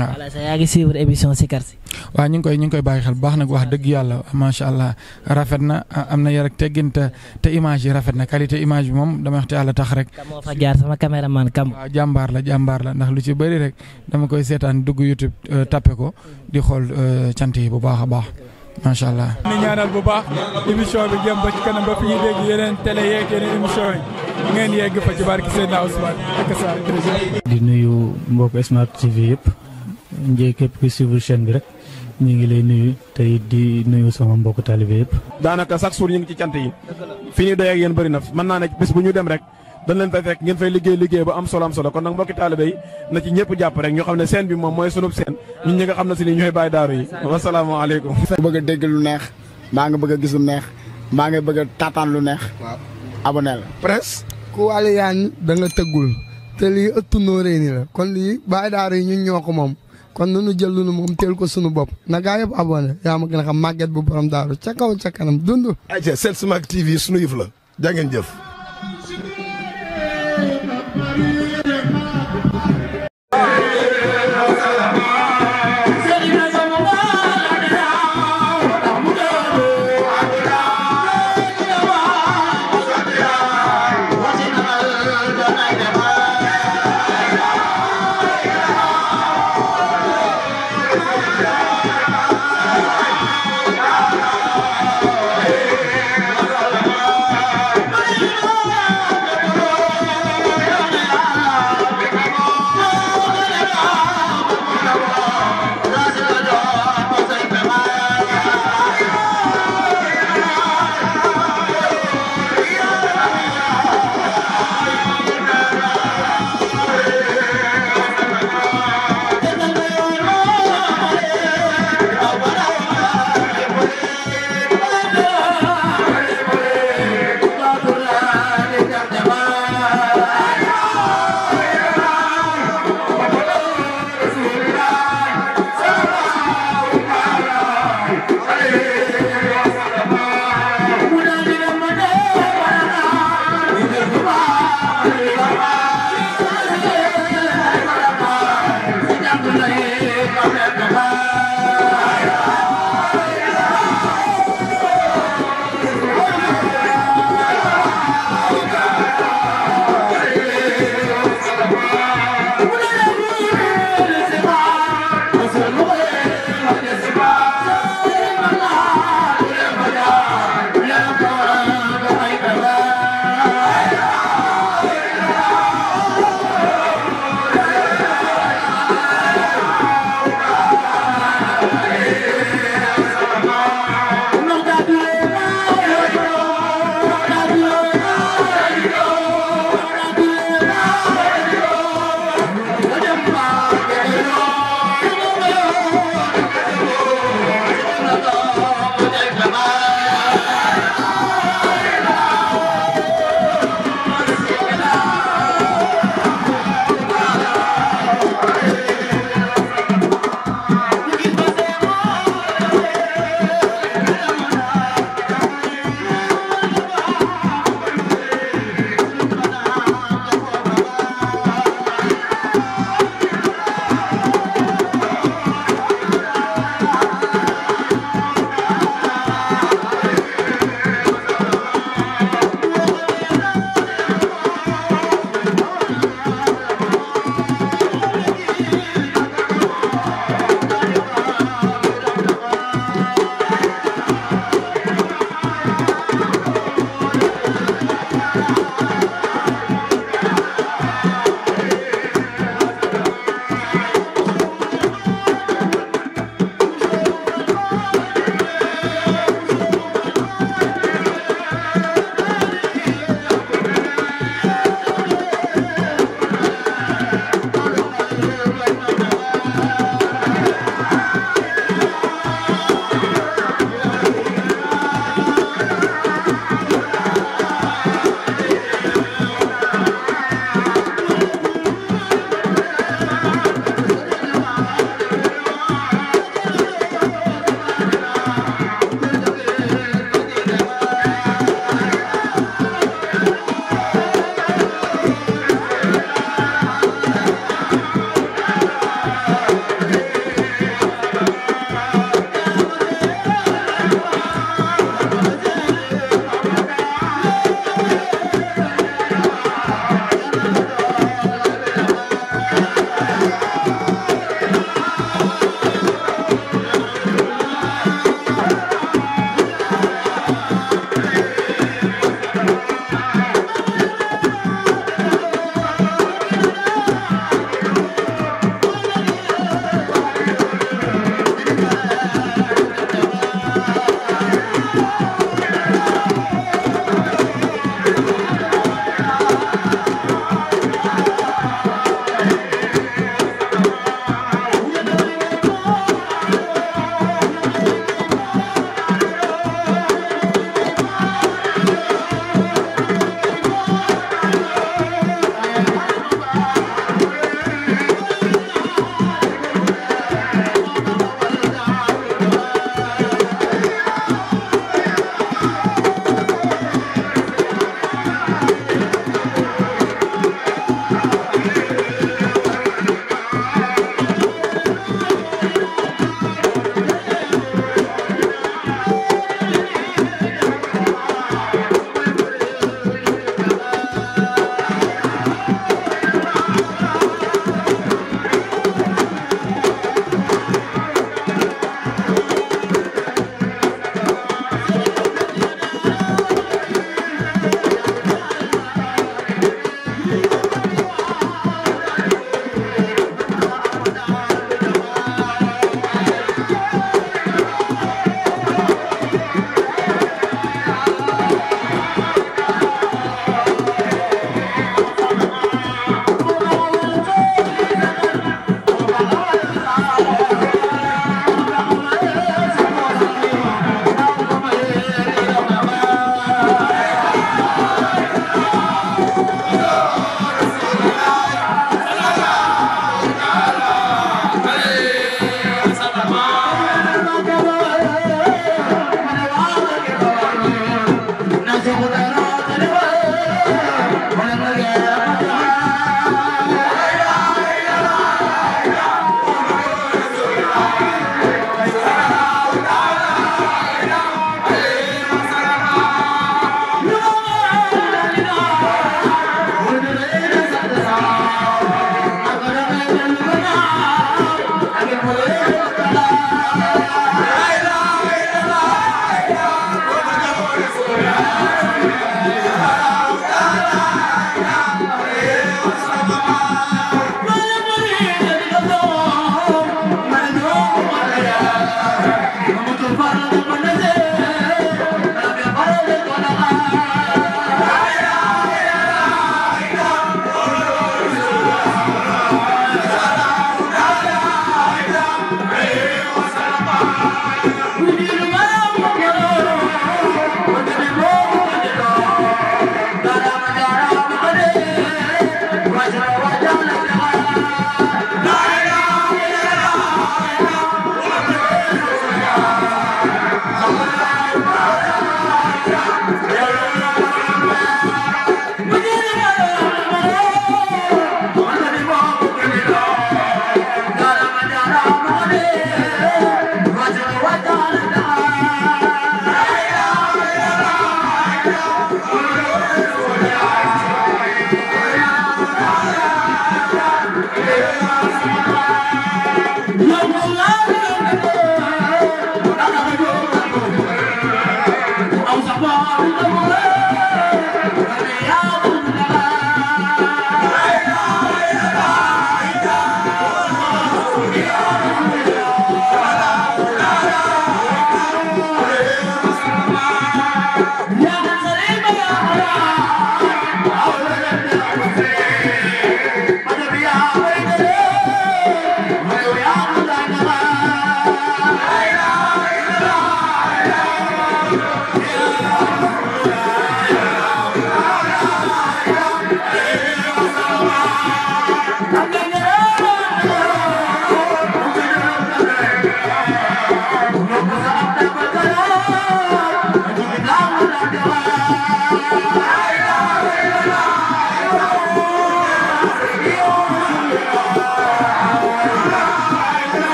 waaw voilà émission Sikar si. ñu ngi koy ñu ngi koy bàyyi xel bu baax nag wax dëgg yàlla macha allah rafet na am na yar ak teggin te image yi rafet na qualité image bi moom dama wax te yàlla tax rek. moo fa jaar sama maan kam. waaw jàmbaar la jàmbaar la ndax lu ci bari rek dama koy seetaan dugg YouTube euh, tappe ko di xool euh, cant yi bu baax a baax. macha allah. ni ñaanal bu baax émission bi jëm ba ci kanam ba fi ñuy dégg yeneen télé yeeg yeneen émission yi ngeen yegg fa ci barke Seydina Ousmane ak sa di nuyu mbokk njëy képp ku suivre chaîne bi rek ñu ngi lay nuyu tey di nuyu sama mbokk taalibe yëpp. daanaka chaque jour ñu ngi ci cant yi fi ñuy doy ak yéen bëri na mën naa ne bis bu ñu dem rek dañ leen fay fekk ngeen fay liggéey liggéey ba am solo am solo kon nag mbokki taalibe yi na ci ñëpp jàpp rek ñu xam ne seen bi moom mooy sunub seen ñun ñi nga xam ne si ni ñooy bàyyi daaru yi wasalaamaaleykum. bëgg a dégg lu neex maa ngi bëgg a gis lu neex maa ngi bëgg a lu neex. waaw abonné ku wàllu yaan da nga tëggul te lii ëttu nóoree ni la kon lii bàyyi daaru ñun ñoo ko kon nunu jël lu moom teel ko sunu bopp na gaa yëpp yaa ma gën a xam màgget bu borom daaru ca kaw ca kanam dund. ayca Sen Smart TV sunu yëf la jaa ngeen jëf.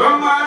Long life.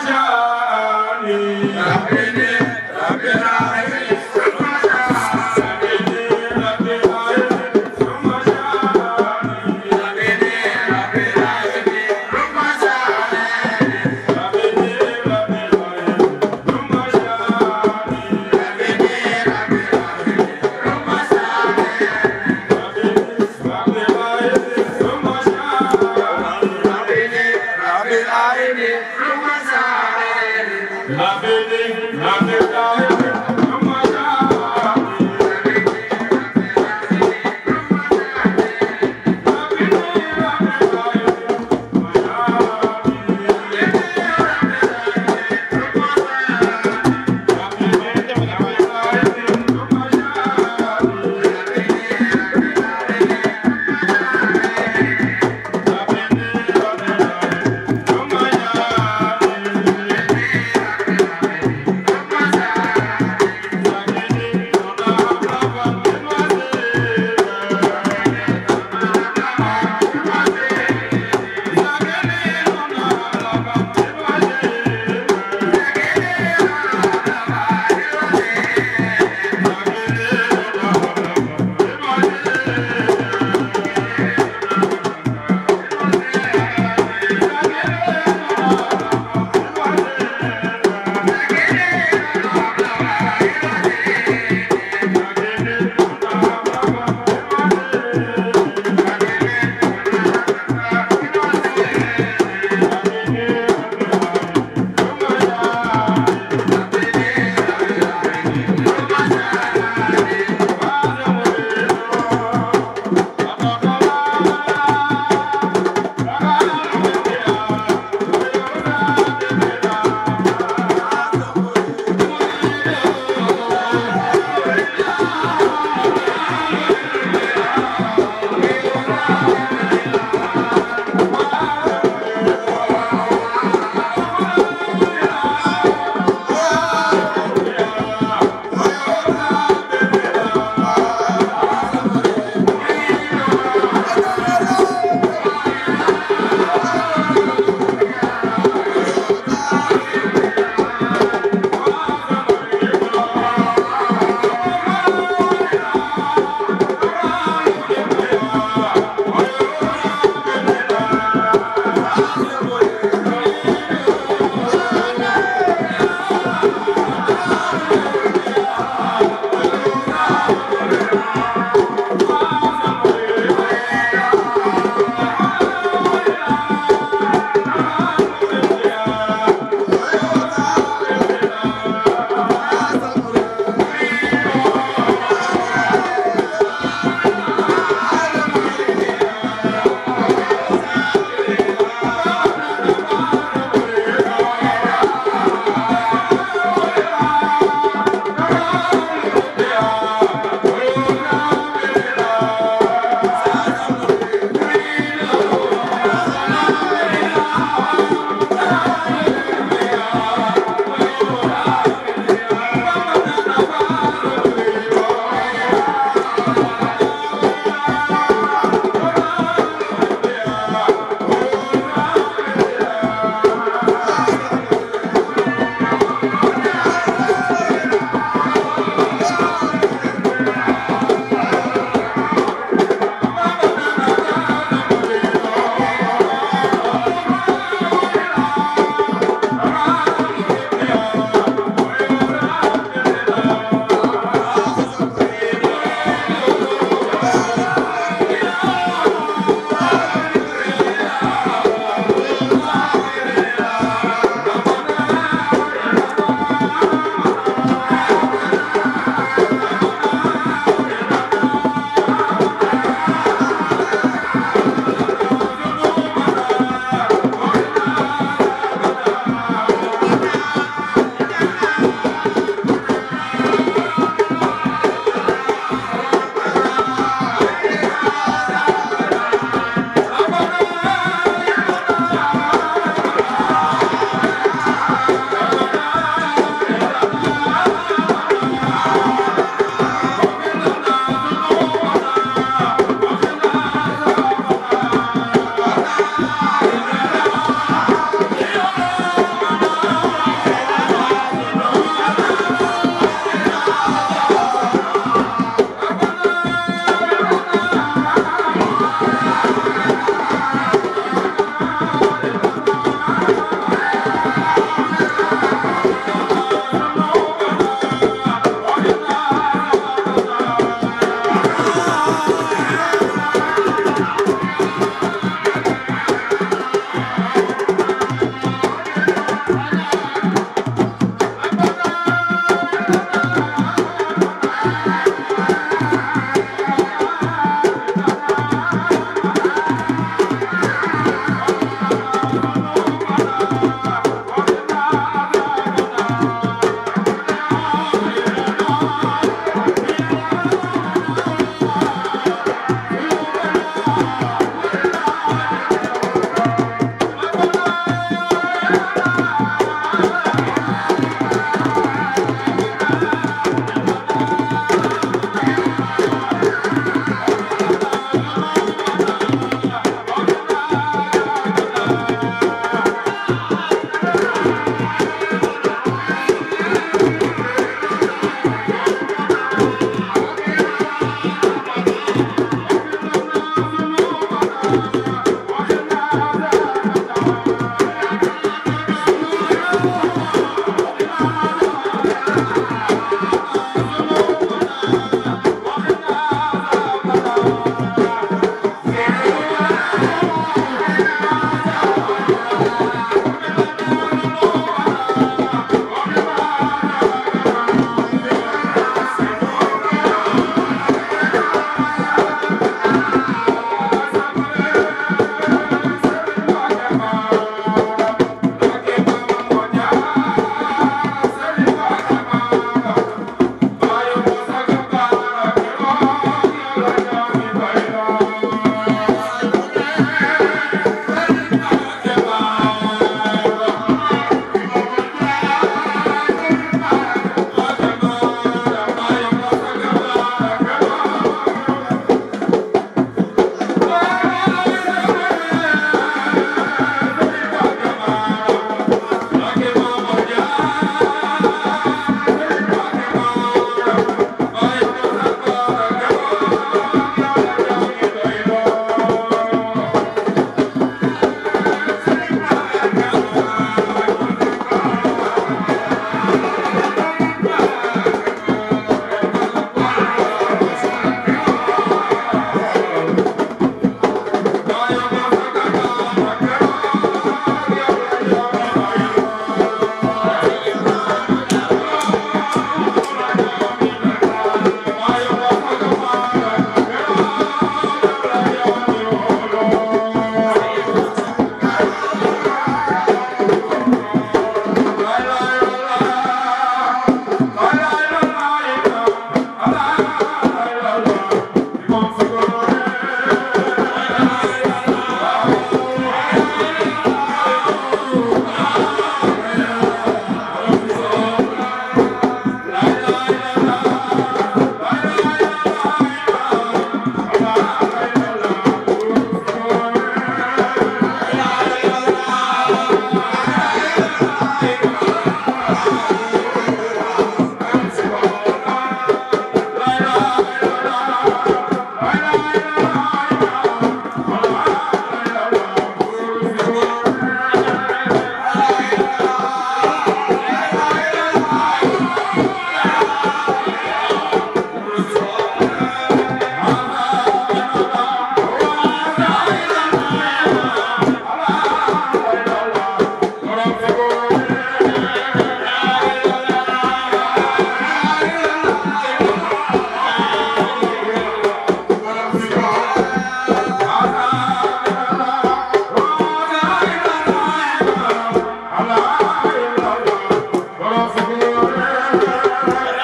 Thank you.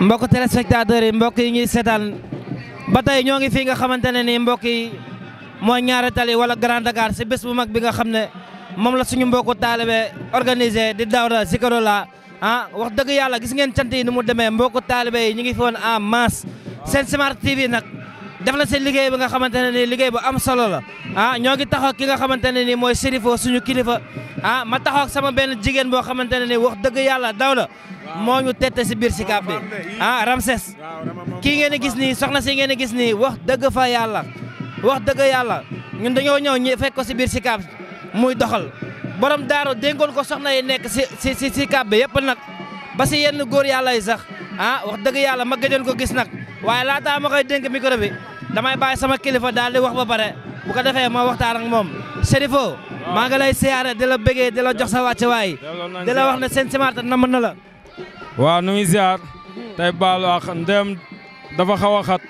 mbokk téléspectateurs yi mbokk yi ñuy seetaan ba tey ñoo ngi fii nga xamante ne nii mbokk yi mooy ñaari tali wala Grand Dakar si bés bu mag bi nga xam ne moom la suñu mbokku taalibe organisé di Daouda Zikroulahi ah wax dëgg yàlla gis ngeen cant yi ni mu demee mbokku taalibe yi ñu ngi fi woon en masse seen Smart TV nag def na seen liggéey bi nga xamante ne nii liggéey bu am solo la ah ñoo ngi taxaw ki nga xamante ne nii mooy Serifo suñu kilifa ah ma taxaw ak sama benn jigéen boo xamante ne nii wax dëgg yàlla Daouda moo ñu tette si biir si Sicap bi ah Ramses kii ngeen gis nii soxna si ngeen di gis nii wax dëgg fa yàlla wax dëgg yàlla ñun dañoo ñëw ñu fekk ko si biir si Sicap muy doxal borom daaru dénkoon ko soxna yi nekk si si si Sicap bi yëpp nag ba si yenn góor yàlla yi sax ah wax dëgg yàlla ma gëjoon ko gis nag waaye laataa ma koy dénk micro bi damay baay sama kilifa daal di wax ba pare bu ko defee ma waxtaan ak moom Chérifo maa ngi lay siyaare di la bëggee di la jox sa wàcc waay di la wax ne seen simaarta nam na la waa nu ngi tey baalu ak ndem dafa xaw xat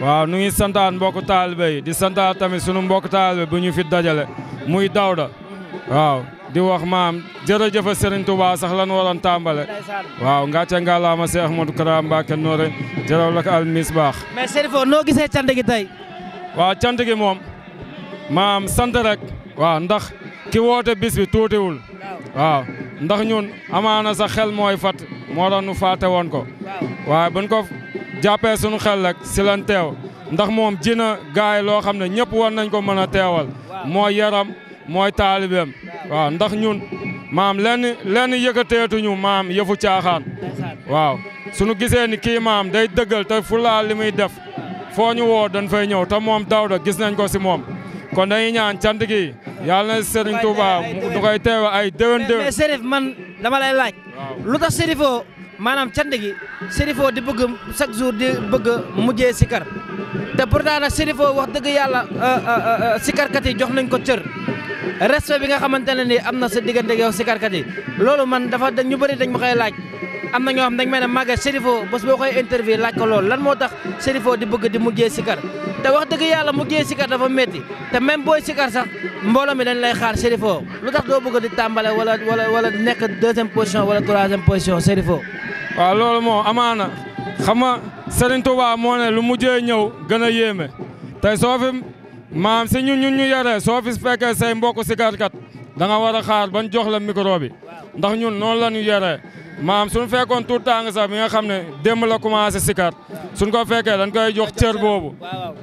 waaw nu ngi santaan mbokk taalibe yi di santaan tamit sunu mbokk taalibe bu ñu fi dajale muy Dawda waaw di wax maam jërëjëf Serigne Touba sax lan waroon tàmbale waaw ngàcce ngàllaama Cheikh Ahmadou Kara Mbacké Noreyni jërëw la al misbaax mais Serifo noo gisee cant gi tey waaw cant gi moom maam sant rek waaw ndax ki woote bis bi tuutiwul waaw ndax ñun amaana sa xel mooy fat moo tax nu faate woon ko waaye buñ ko jàppee suñu xel rek si lan teew ndax moom jina gaay loo xam ne ñëpp war nañ ko mën a teewal mooy yaram mooy taalibeem waaw ndax ñun maam lenn lenn yëkkateetuñu maam yëfu caaxaan waaw suñu gisee ni kii maam day dëggal te fu laal li muy def foo ñu woo dañ fay ñëw te moom Daouda gis nañ ko si moom kon dañuy ñaan cant gi yàlla na Serigne Touba du koy teew ay déwén déwén. mais Serif man dama lay laaj. lu tax Serifoo maanaam cant gi Serifoo di bëgg chaque jour di bëgg mujjee sikar te pourtant nag Serifoo wax dëgg yàlla euh, euh, euh, sikarkat yi jox nañ ko cër. respect bi nga xamante ne ni am na sa diggante yow sikarkat yi loolu man dafa ñu bëri dañ ma koy laaj am na ñoo xam dañ mel ne Maguette Serifo boo koy interview laaj ko loolu lan moo tax Serifo di bëgg di mujjee sikar te wax dëgg yàlla mujjee sikar dafa métti te même booy sikar sax mbooloo mi dañ lay xaar Serifo lu tax doo bëgg di tàmbale wala wala wala nekk deuxième position wala troisième position Serifo. waaw loolu moom amaana xam nga Serigne moo ne lu mujjee ñëw gën a yéeme tey soo fi maam si ñu ñun ñu yaree soo fi fekkee say mbokku sikarkat da nga war a xaar ban jox la micro bi ndax ñun noonu la maam suñu fekkoon tout tàng sax mi nga xam ne démb la commencé sikar suñ koo fekkee dañ koy jox cer boobu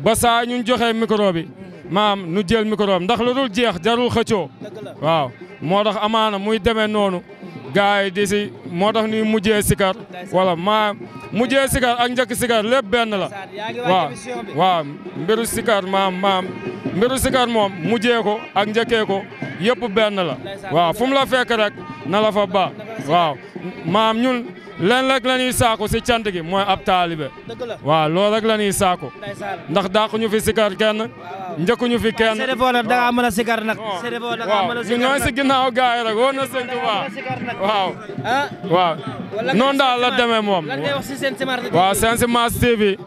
ba saa ñun joxee micro bi maam nu jël micro bi ndax lu dul jeex jarul xëccoo waaw moo tax amaana muy demee noonu gars yi di moo tax ñuy mujjee sikar wala maa mujjee sikar ak njëkk sikar lépp benn la waaw waaw mbiru sikar maam maam mbiru sikar moom mujjee ko ak njëkkee ko yëpp benn la waaw fu mu na la waaw maam ñun leen rek la ñuy saako si cant gi mooy ab taalibe waaw loolu rek la ñuy saako ndax dàqu ñu fi sikar kenn njëkku ñu fi kenn a sikar nag waaw ñu ñooy si ginnaaw gaay rek ah. la demee moom waaw Sen Smart TV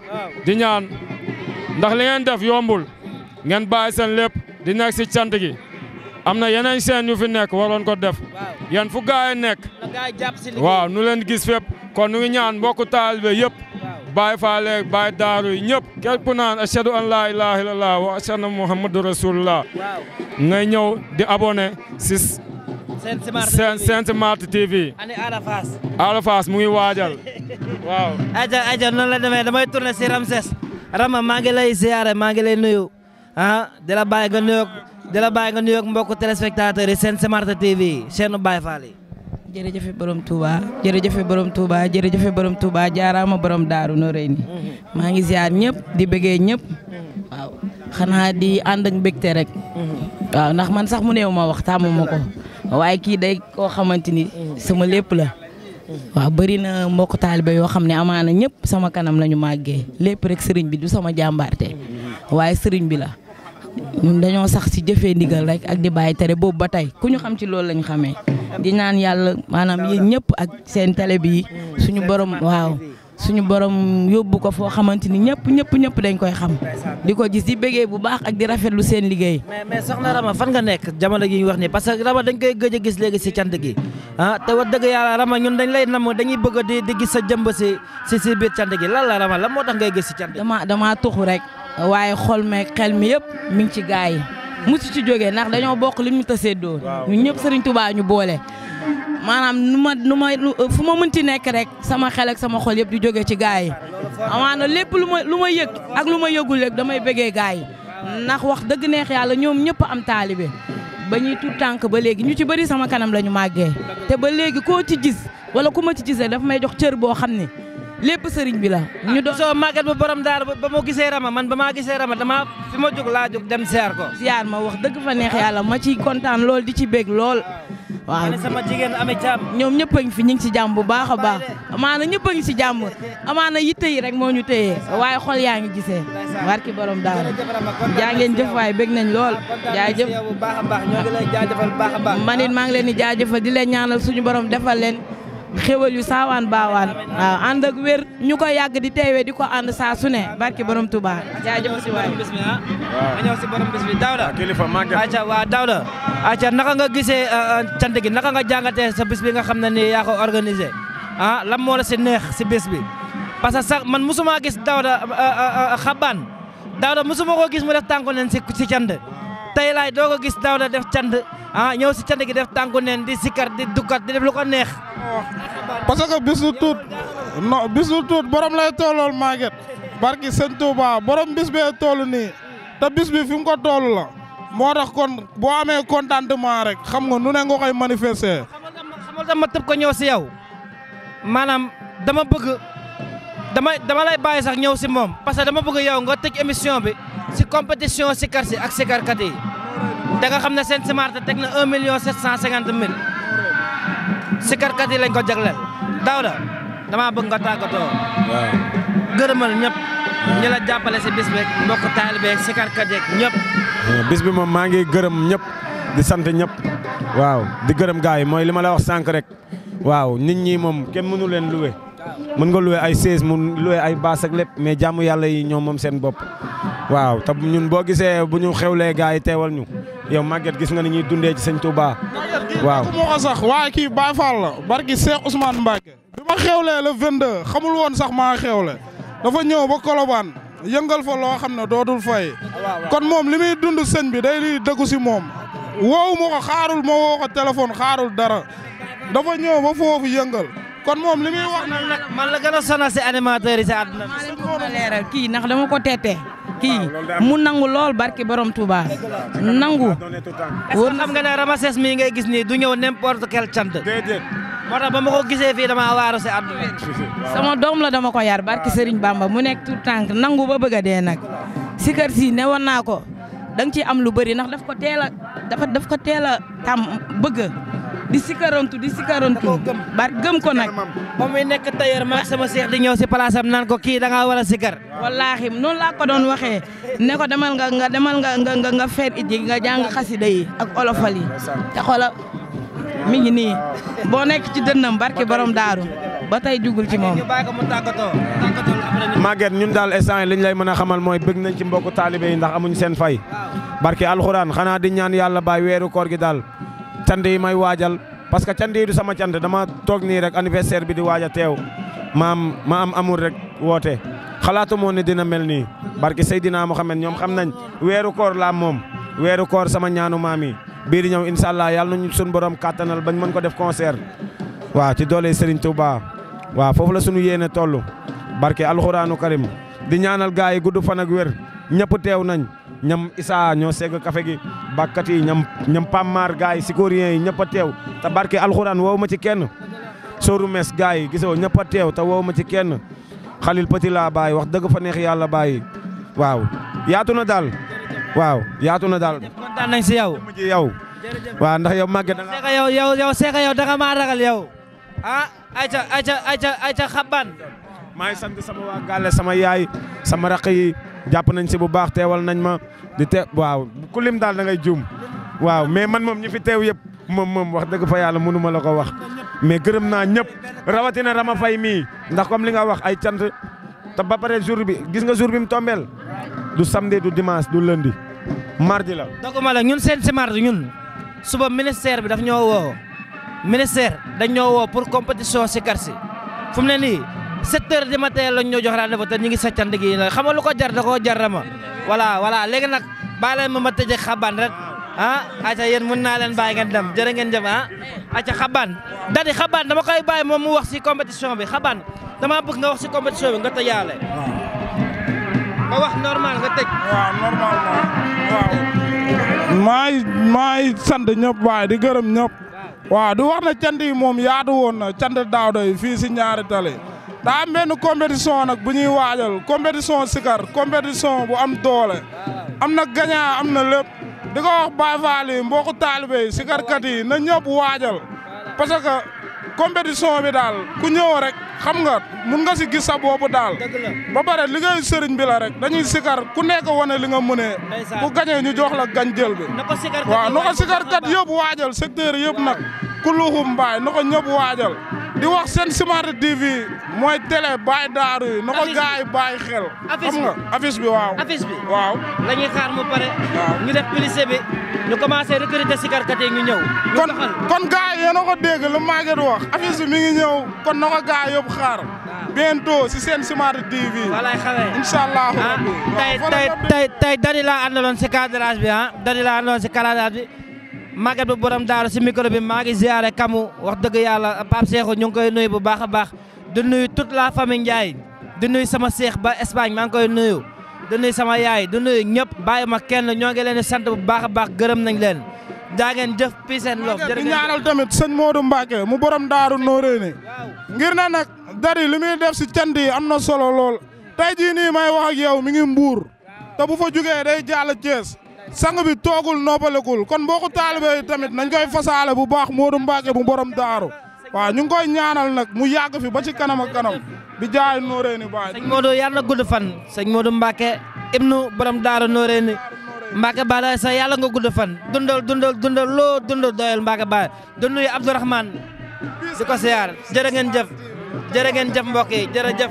di ñaan ndax li ngeen def yombul ngeen bàyyi seen lépp di nekk si cant gi am na yeneen seen yu fi nekk waroon ko def yan fu gaay nekk waaw nu leen gis fépp kon nu ngi ñaan mbokku taalibe yëpp baay faale baay daaru yi ñëpp képp naan ashadu an laa ilaaha illallah wa ashadu muhammadu rasulullah ngay ñëw di abonné si Sen Smart TV Arafas mu ngi waajal waaw aja aja noonu la demee damay tourné si Ramses Rama maa ngi lay ziyaare maa ngi lay nuyu ah di la bàyyi nga di la bàyyi nga nuyoog mbokku téléspectateurs yi sen Smarta TV chaîne Baye fali jere jërëjëf borom Touba jërëjëf borom Touba jërëjëf borom Touba jaarama borom no reyni ma ngi ziar ñep di bëggee ñep mhm. waaw xana di and ak mbégte rek. waaw mhm. ndax man sax mu neew ma wax taamu ma ki waaye day ko xamanteni mhm. sama lepp la. wa bari na mbokk taalibe yo amana amaana sama kanam lañu ñu lepp rek sëriñ bi du sama jambarte waye sëriñ bi la. ñun dañoo sax ci jëfee ndigal rek ak di bàyyi tere boobu ba tey ku ñu xam ci lool lañu xamee di naan yàlla maanaam yéen ñëpp ak seen télé bi suñu borom waaw suñu borom yóbbu ko foo xamante ni ñëpp ñëpp ñëpp dañ koy xam di ko gis di bëggee bu baax ak di rafetlu seen liggéey. mais mais soxna Rama fan nga nekk jamono gi ñu wax nii parce que Rama dañ koy gëj a gis léegi si cand gi ah te wa dëgg yàlla Rama ñun dañ lay nam dañuy bëgg di di gis sa jëmb si si si cand gi lan la Rama la moo tax ngay gis si cant gi. damaa damaa rek waaye xol meeg xel mi yëpp mi ngi ci gaa yi mu si ci jógee ndax dañoo bokk li ñu ta séddoo ñu ñëpp sëriñ baa ñu boole maanaam ma nu ma euh, fu ma mënti nekk rek sama xel ak sama xol yëpp di jóge ci gars yi amaana lépp lu ma lu ma yëg ak lu ma yëgul rek damay bëggee gars yi ndax wax dëgg neex yàlla ñoom ñëpp am taalibe ba ñuy tout tànk ba léegi ñu ci bëri sama kanam la ñu màggee te ba léegi koo ci gis wala ku ma ci gis rek daf may jox cër boo xam ne lépp sëriñ bi la. Ah, ñu doon soo màgget bu borom daara ba ma gisee rama man ba maa gisee rama dama fi ma jóg laa jóg dem ziar ko. ziar ma wax dëgg fa neex yàlla ma ciy kontaan lool di ci bég lool. waaw sama jigéen amee jàmm ñoom ñëpp a fi ñu ngi si jàmm bu baax a baax amaana ñëpp a si jàmm amaana yitte yi rek moo ñu téye waaye xol yaa ngi gisee barki borom daara jaa ngeen jëf waaye bég nañ lool ah, jaajëf man it maa ngi leen di jëfal di leen ñaanal suñu borom defal leen xéwal yu saawaan baawaan waaw wér ñu ko yàgg di teewee di ko ànd saa su ne barki borom Touba. jaajëf si waay bisimilah. waaw ma si borom bis bi Daouda. naka nga gisee uh, uh, cant gi naka nga jàngatee sa bis bi nga xam ne ni yaa ko organisé ah lan moo la si neex si bis bi. parce que sax man musuma gis Daouda uh, xabaan Daouda musuma ko gis mu def tànku nen si si tey laay doo ko gis Daouda def cant ah ñëw si cant gi def tànku neen di sikkat di dukkat di def lu ko neex. parce que bis lu tuut non bis lu tuut borom lay toolool Maguette barki sëñ Touba borom bis bee toolu nii te bis bi fi mu ko toolu la moo tax kon boo amee contentement rek xam nga nu ne nga koy manifester. xamal dama tëb ko ñëw si yow maanaam dama bëgg. dama dama lay bàyyi sax ñëw si moom parce que dama bëgg yow ngoo tëj émission bi si compétition si kar si ak si karkat yi da nga xam ne Sen Simarta teg na 1 million 750 mille si karkat yi lañ ko jagleel Daouda dama bëgg nga tàggatoo. waaw gërëmal ñëpp. ñi la jàppale si bis beeg mbokk taalibe beeg ñëpp. bis bi moom maa ngi gërëm ñëpp di sant ñëpp. waaw di gërëm gars yi mooy li ma la wax sànq rek. waaw nit ñi moom kenn mënu leen luwe. mën nga loué ay seize mun loué ay baas ak lépp mais jàmm yàlla yi ñoom moom seen bopp. waaw te ñun boo gisee bu ñu xewlee gars yi teewal ñu yow Maguette gis nga ni ñuy dundee ci sëñ Touba. waaw moo sax waaye kii Baye Fall la barki Cheikh Ousmane Mbacke. bi ma xewlee la 22 xamul woon sax maa xewle dafa ñëw ba Colobane yëngal fa loo xam ne dootul fay. kon moom li muy dund sëñ bi day liy dëggu si moom. woowu ma ko xaarul ma woo ko téléphone xaarul dara dafa ñëw ba foofu yëngal. kon moom li muy wax na nag man la gën a sona si animateur yi si àdduna bi leeral kii nax dama ko teetee kii mu nangu lool barki borom Touba nangu wóor xam nga ne Ramses mii ngay gis nii du ñëw n'importe quel cant moo tax ba ma ko gisee fii dama waaru si àdduna sama doom la dama ko yar barki sëriñ Bamba mu nekk tout tànk nangu ba bëgg a dee nag si kër ne woon ko da nga ciy am lu bëri ndax daf ko teel a dafa daf ko teel a tam bëgga di sikarantu di sikarantu bar gëm ko nag moom mi nekk tailleur ma sama seex di ñëw si place am naan ko kii da ngaa war a sikar wallaahi noonu laa ko doon waxee ne ko demal nga nga demal nga nga nga feer it nga jàng xasida yi ak olofal yi te xoola mi ngi nii boo nekk ci dënnam barke borom daaru ba tey jugul ci moom. Maguette ñun daal instant li ñu lay mën a xamal mooy bëgg nañ ci mbokku taalibe yi ndax amuñ seen fay barke alxuraan xanaa di ñaan yàlla baay weeru koor gi daal cant yi may waajal parce que cant yi sama cant dama toog nii rek anniversaire bi di waaj a teew maam ma am amul rek woote xalaatu moo ne dina mel nii barke Seydina Mohamed ñoom xam nañ weeru koor laa moom weeru koor sama ñaanu maam yi bii di ñëw incha allah yàlla nañu suñu borom kàttanal bañ mën ko def concert waaw ci doole Serigne Touba waaw foofu la suñu yéene toll barke alxuraanu karim di ñaanal gaay yi gudd fan ak wér ñëpp teew nañ ñam Issa ñoo segg kafe gi bàkkat yi ñam ñam Pamar gaay yi sikorien yi ñëpp a teew te barke alxuraan woowu ma ci kenn sooru mes gaay yi gisoo ñëpp teew te woowu ma ci kenn xalil petit laa bàyyi wax dëgg fa neex yàlla bàyyi waaw yaatu na daal waaw yaatu na daal. kontaan nañ si yow. mujj yow. waaw ndax yow màgget da nga. yow yow yow Secka yow da nga maa ragal yow. ah ayca ayca ayca ayca xabaan. maa ngi sant sama waa Gale sama yaay sama raq yi jàpp nañ si bu baax teewal nañ ma di te waaw ku lim daal da ngay juum waaw mais man moom ñi fi teew yëpp moom moom wax dëgg fa yàlla mënu ma la ko wax mais gërëm naa ñëpp rawatina Rama Fay mii ndax comme li nga wax ay cant. te ba pare jour bi gis nga jour bi mu tombeel du samedi du dimanche du lundi mardi la. doguma la ñun seen si mardi ñun suba ministère bi dafa ñoo woo ministère dañ ñoo woo pour compétition si kar si fu mu ne nii 7 heures du matin lañ ñoo jox rendez-vous te ñu ngi sàccand gi xam nga lu ko jar da koo jar dama voilà voilà léegi nag bàyyi leen ma ma tëjee xabaan rek. ah aca yéen mën na len bàyyi ngeen dem jere ngeen jëm ah acha xaban dadi xaban dama koy bàyyi mom mu wax ci compétition bi xaban dama bëgg nga wax ci compétition bi nga tëj yaale nga wax normal nga tej waaw normalement waaw maay maay sant ñëpp waaye di gërëm ñop wa du wax na cant yi moom yaatu woon na cënd daaw doy fi ci ñaari tali da am benn compétition nak bu ñuy waajal compétition sikar compétition bu am doole amna gagnant amna lepp di ko wax Baye Fall yi mbokku taalibe na ñëpp waajal parce que compétition bi daal ku ñëw rek xam nga mun nga si gis sa boobu daal ba pare liggéeyu sëriñ bi la rek dañuy sikar ku nekk wane li nga mënee bu gañee ñu jox la gañ jël bi waaw na ko sikarkat yëpp waajal secteur yëpp nag ku luxum mbaay na ko ñëpp waajal di wax seen Smart TV mooy télé Baye Darou yi na ko gars yi bàyyi xel. affiche bi waaw. affiche bi waaw. la ñuy xaar mu pare. waaw ñu def publicité bi ñu commencé recruter sikarkat yi ñu ñëw. kon kon gars yi yéen a ko dégg lu Maguette wax affiche bi mi ngi ñëw kon na ko gars yëpp xaar. bientôt si seen Smart TV. walaay xamee incha allah. ah tey tey tey tey Dadi laa si cadrage bi ah Dadi laa si cadrage bi. màggat bu borom daaru si micro bi maa ngi ziare kamu wax dëgg yàlla Pape Cheikhou ñu ngi koy nuyu bu baax a baax di nuyu toute la famille Ndiaye di nuyu sama seex ba Espagne maa ngi koy nuyu di nuyu sama yaay di nuyu ñëpp bàyyi ma kenn ñoo ngi leen sant bu baax a baax gërëm nañ leen jaa ngeen jëf peace and love di ñaanal tamit sëñ Modou Mbacke mu borom daaru nooréene ngir na nag dari li muy def si cant yi am na solo lool tey jii nii may wax ak yow mi ngi mbuur te bu fa jugee sang bi toogul noppalekul kon boo mbokku taalibe tamit nañ koy fasaale bu baax Modou Mbacke bu borom daaru waaw ñu ngi koy ñaanal nag mu yàgg fi ba ci kanam ak kanam bi jaay nooree ni baay. sëñ Modou yàlla na gudd fan sëñ Modou Mbacke ibnu borom daaru nooree ni Mbacke sa yàlla nga gudd fan dundal dundal dundal loo dundal doyal Mbacke Ba di nuyu Abdourahmane di ko siyaar jërë ngeen jëf jërë ngeen jef mbokk yi jërëjëf.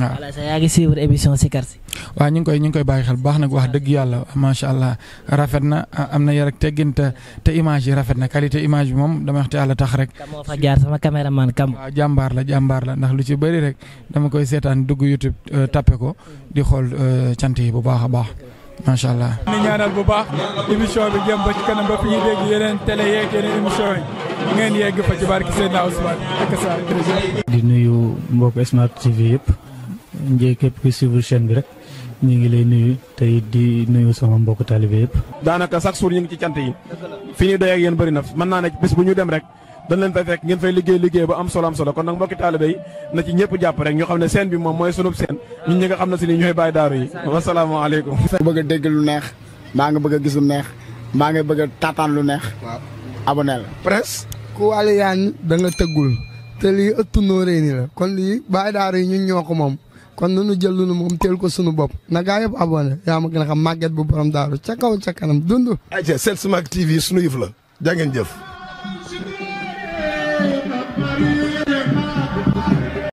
waa voilà sax émission Sikar si. waaw ñu ngi koy ñu ngi koy bàyyi xel bu baax nag wax dëgg yàlla macha allah rafet na am na yar ak teggin te image yi rafet na qualité image bi moom dama wax te yàlla tax rek. moo fa jaar sama caméraman kam. waaw jàmbaar la jàmbaar la ndax lu ci bëri rek dama koy seetaan dugg YouTube euh, tappe ko di xool euh, cant yi bu baax a baax. macha allah. ñaanal bu baax émission bi jëm ba ci kanam ba fi ñuy dégg yeneen télé yeeg yeneen émission yi ngeen yegg fa ci barki Seydina Ousmane ak sa di nuyu njee képp ku suivre chaîne bi rek ñi ngi lay nuyu tay di nuyu sama mbokk talibé yépp danaka sax jour ñi ngi ci cant yi fi doy ak yeen bari na man na ne bis bu ñu dem rek dañ leen fay fek ngeen fay liggéey liggéey ba am solo am solo kon nak mbokki talibé yi na ci ñepp japp rek ñu xamné ne bi mom moy sunu seen ñun ñi nga xam ne ni ñoy bay daaru yi alaykum bëgg dégg lu neex ma nga bëgg gis lu neex ma nga bëgg tatane lu neex. abonné ku wàllu yaañ da nga teggul té li ëttu no la kon li bay daaru ñun ñoko mom kon nanu jël lu nu moom teel ko sunu bopp na gaa yëpp abonné yaa ma gën a xam màgget bu borom daaru ca kaw ca kanam dund. ayca Sen Smart TV sunu yëf la jaa jëf.